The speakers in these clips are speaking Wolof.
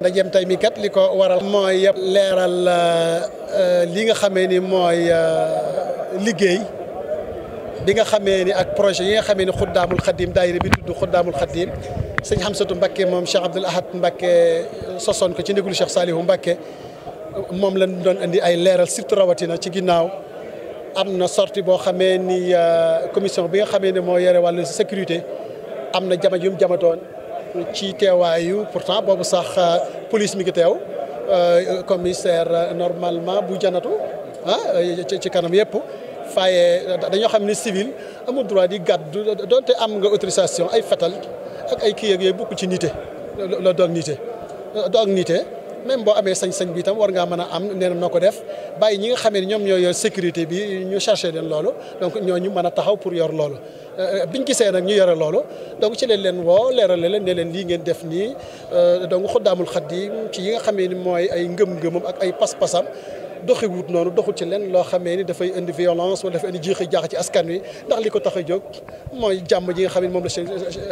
ndajeem tay mi kat liko waral moy yëpp leeral li nga xamé ni moy liggéey bi nga xamé ni ak projet yi nga xamé ni khuddamul khadim daayira bi tudd khuddamul khadim seigne hamsatou mbacke mom Cheikh Abdoul Ahad mbacke soson ko ci ndigul Cheikh salihou mbacke mom lañ doon andi ay leral surtout rawatina ci ginnaw amna sortie bo xamé ni commission bi nga xamé ni mo yéré walu sécurité amna na jama yum jamatoon ci teewaayu pourtant boobu sax euh, police mi ngi teew euh, commissaire euh, normalement bu janatu ah ci kanam yëpp faaye dañoo xam ne civil amul droit di gàddu donte am nga autorisation ay fetal ak ay kii yeeg yooyu bokk ci nité la doog nité doog nité même boo amee sañ-sañ bi itam war ngaa mën a am nee noo ko def bàyyi ñi nga xamee ni ñoom ñoo yor sécurité bi ñu cherché leen loolu donc ñu mën a taxaw pour yor loolu euh, biñ gisee nag ñu yore loolu donc ci leen leen woo leerale leen ne leen lii ngeen def nii euh, donc xuddaamul xaddi ci yi nga xamee ni mooy ay ngëm-ngëmam ak ay pas-pasam doxi wut noonu doxul ci leen loo xamee ni dafay indi violence wala dafay indi jiixi jaax ci askan wi ndax li ko tax a jóg mooy jàmm ji nga xam ne moom la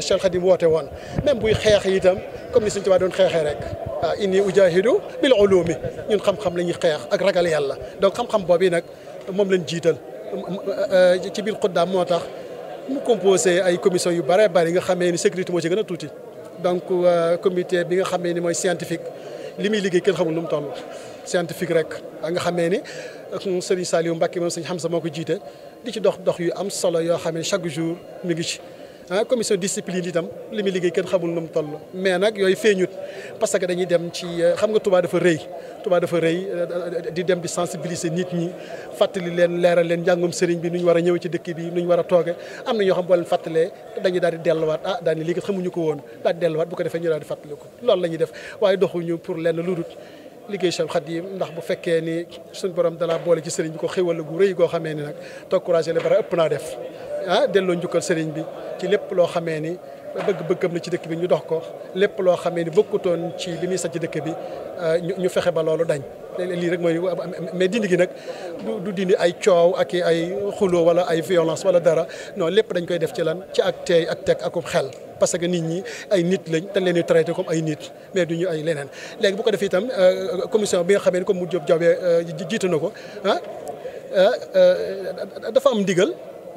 Cheikh Khadim woote woon même buy xeex itam comme ni Sëñ Tuubaa doon xeexee rek waaw inni ujahidu bil ulumi ñun xam-xam la ñuy xeex ak ragal yàlla donc xam-xam boobu nag moom lañ jiital ci biir xuddaam moo tax mu composé ay commission yu bare bari nga xamee ni sécurité moo ci gën a tuuti donc comité bi nga xamee ni mooy scientifique limi muy liggéey kenn xamul num mu toll scientifique rek nga xamee ni sëriñ Saliou Mbacke moom sëriñ Hamza moo ko jiite di ci dox dox yu am solo yoo xam chaque jour mi ngi ci ah commission discipline itam li muy liggéey kenn xamul nu mu toll mais nag yooyu feeñut parce que dañuy dem ci euh, xam nga tubaa dafa rëy tubaa dafa rëy euh, euh, di dem di sensibiliser nit ñi fàttali leen leeral leen njàngum sëriñ bi nu ñu war a ñëw ci dëkk bi nu ñu war a tooge am na ñoo xam boo fàttalee dañuy daal di delluwaat ah daal di léegi xamuñu ko woon daal di delluwaat bu ko defee ñu daal di fàttali ko loolu la ñuy def waaye doxuñu pour lenn lu dul liggéey Cheikh Khadim ndax bu fekkee ni suñ borom dalaa boole ci sëriñ bi ko xéwal gu rëy goo xamee ni nag toog courage la bara naa def ah delloo njukkal sëriñ bi ci lépp loo xamee ni bëgg-bëggam la ci dëkk bi ñu dox ko lépp loo xamee ni bokkutoon ci bi muy sax ci dëkk bi ah, ñu fexe ba loolu dañ lii rek mooy mais dindi gi nag du dindi ay coow ak ay xuloo wala ay violence wala dara non lépp dañ koy def ci lan ci ak teey ak teg akum xel parce que nit ñi ay nit lañ dañ leen di traité comme ay nit mais du ñu ay leneen léegi boo ko defee itam ah, commission bi nga xamee ni comme mu Diop Diawbe ah, jiite na ko ah am ndigal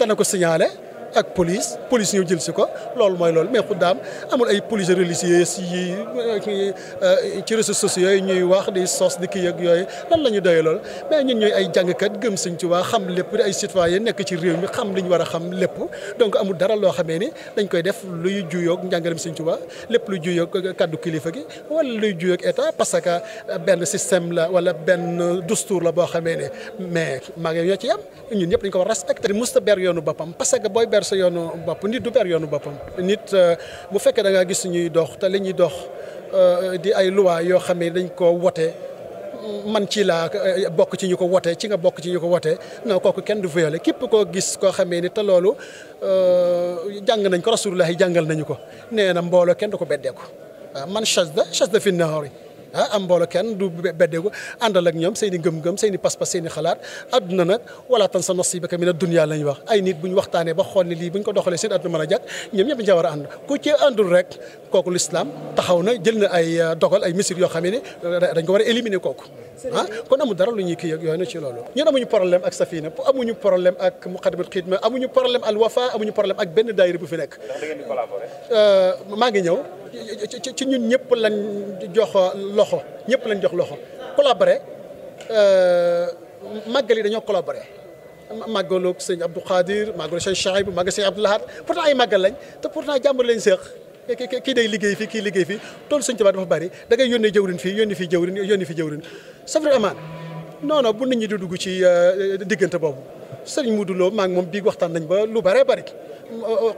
dana ko ak police police ñu jël ci ko lool moy lool mais xudam amul ay police religieux yi euh, ci ressources sociaux ñuy wax di sos di ki ak yoy lan lañu ñu lool mais ñun ñoy ay kat gëm ci wa xam lepp ay citoyen nek ci réew mi xam liñ wara xam lepp donc amul dara lo xamé ni dañ koy def luy juyoog njàngalem Sëñ Tuubaa lépp luy juyoog kaddu kilifa gi wala luy ak état parce que ben système la wala ben dustuur la bo xamé ni mais ma ngi ñu ci yam ñun ñep dañ ko respecter musta ber yoonu bopam parce que boy ber sa yoonu bopp nit du per yoonu boppam nit euh, bu fekkee da ngaa gis ñuy dox te lañuy ñuy dox euh, di ay loi yoo xam ne dañ ko wote man ci laa euh, bokk ci ñu ko wote ci nga bokk ci ñu ko wote non kooku kenn du violé képp koo gis koo xamee ni te loolu jàng nañ ko rasulullah yi jàngal nañu ko nee na mbooloo kenn du ko beddee ko ah, waaw man chas da chas da fi nahoor ah am mbooloo kenn du beddeeku àndal ak ñoom seen i ngëm-ngëm seen i pas-pas seen i xalaat adduna nag wala tan sa nasibaka mina dunya lañ wax ay nit bu ñu waxtaanee ba xool ne lii bu ñu ko doxalee seen adduna mën a jàkk ñoom ñëpp ànd ku ci àndul rek kooku l'islam taxaw na jël na ay dogal ay mesures yoo xam dañ ko war éliminer kooku ah kon amul dara lu ñuy kii ak yooyu na ci loolu ñun amuñu problème ak safina amuñu problème ak muqaddimatul xidma amuñu problème al wafa amuñu problème ak benn daayira bu fi nekk maa ngi ñëw ci ñun ñëpp lañ jox loxo ñëpp lañ jox loxo collaboré euh, màggal yi dañoo collaboré màggalu sëñ Abdou Khadir màggalu sëñ Chahib màggalu sëñ Abdou Lahad pourtant ay màggal lañ te pourtant jàmbur lañ séeq kii day liggéey fii kii liggéey fi tool sëñ Tuubaa dafa bari da ngay yónnee jëwrin fii yónni fii jëwrin yónni fii jëwrin safri amaan non non bu nit ñi di dugg ci euh, diggante boobu sëriñ Moudou Lo maa ngi moom bii waxtaan nañ ba lu bare bari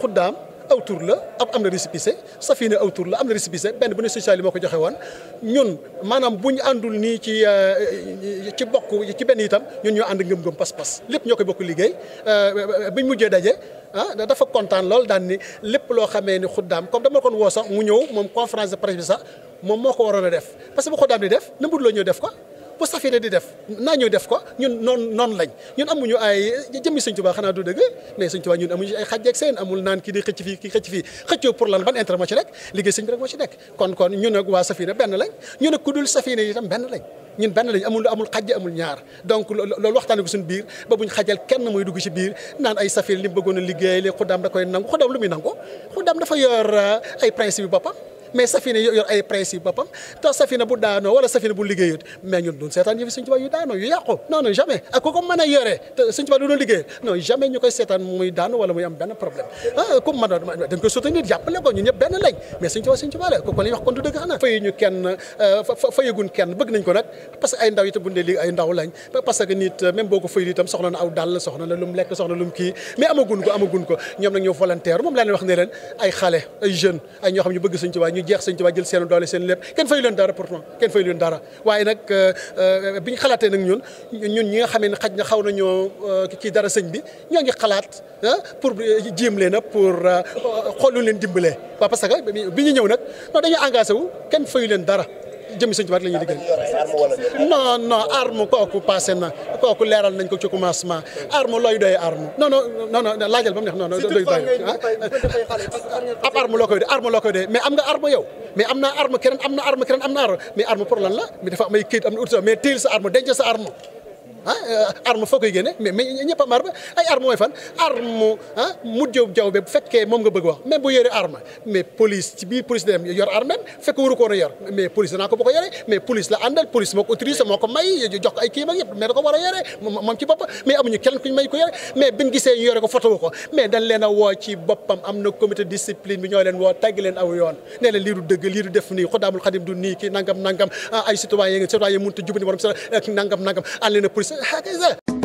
xuddaam aw tur la ab am na récépissé Safina aw tur la am na récépissé benn bu ne social yi moo ko joxe woon ñun maanaam bu ñu àndul nii ci euh, euh, ci bokk ci benn itam ñun ñoo ànd ngëm-ngëm pas-pas lépp ñoo koy bokk liggéey euh, biñ mujjee daje ah dafa kontaan lool daan ni lépp loo xamee ni xuddaam comme dama kon woo sax mu ñëw moom conférence de presse bi sax moom moo ko waroon a def parce que bu xuddaam di def na mbudloo ñëw def ko bu safina di def naa ñëw def ko ñun noon noonu lañ ñun amuñu ay jëmmi sëñ xanaa du dëgg mais sëñ Tuubaa ñun amuñu ay xàjjeeg seen amul naan kii di xëcc fii kii xëcc fii xëccoo pour lan ban intérêt moo ci nekk liggéey sëñ bi rek moo ci nekk kon kon ñun ak waa safina benn lañ ñun ak ku dul safina itam benn lañ ñun benn lañ amul amul xajje amul ñaar donc loolu waxtaane ko suñu biir ba buñ xajal kenn muy dugg ci biir naan ay safir li mu bëggoon a liggéey li xuddaam da koy nangu xuddaam lu muy nangu xuddaam dafa yor euh, mais safina yor ay principe boppam te safina bu daanoo wala safina bu liggéeyut mais ñun duñ seetaan yëfi Sëñ Tuubaa yu daanoo yu yàqu non jamais ak ku ko a yore te Sëñ Tuubaa du doon jamais ñu koy seetaan muy daanu wala muy am benn problème ah, a dañ koy soutenir jàppale ko ñun ñëpp benn du dëgg xanaa fayu ñu kenn euh, fayagun kenn bëgg nañ ko nag parce que ay ndaw itam bu dee liggéey ay ndaw lañ parce nit euh, même boo ko fayul itam na aw dàll soxla na lekk soxla lu kii mais amagun ko amagun ñu jeex sëñ Tuubaa jël seen doole seen lépp kenn fayu leen dara pourtant kenn fayu leen dara waaye nag euh, euh, bi ñu xalaatee nag ñun ñun ñi nga xamee ne xaj na xaw nañoo euh, kii dara sëñ bi ñoo ngi xalaat pour jéem a pour xool lu leen dimbalee waaw parce que bi ñu ñëw nag non dañuy engagé wu kenn fayu leen dara jëm sëñ Tuubaa la ñuy liggéey non non arme kooku passé na kooku leeral nañ ko ci commencement arme looy doy arme non non non non laajal ba mu neex non non doy doy ah, ab arme loo koy doy arme loo am nga arme yow am na arme keneen am na arme mais arme pour lan la mais dafa am ay këyit am na mais téel sa arme denc sa ah euh, arme foo koy génne mais mais ñëpp a mar ba ay arme fan arme ah mujj jaww bu fekkee moom nga bëgg wax même bu yore arme mais police ci biir police dem yor arme fekk waru ko war a yor mais police danaa ko ba ko yore mais police la àndal police ko may ko ay kii ak yëpp mais yore ko yore ko fotowu ko leen a woo ci boppam am na comité discipline bi ñoo leen woo tàgg aw yoon nee lii du dëgg lii du def nii xoddaamul xadim du nii kii nangam nangam ah, ay citoyen yi nga citoyen mënut a jubani حاجه زي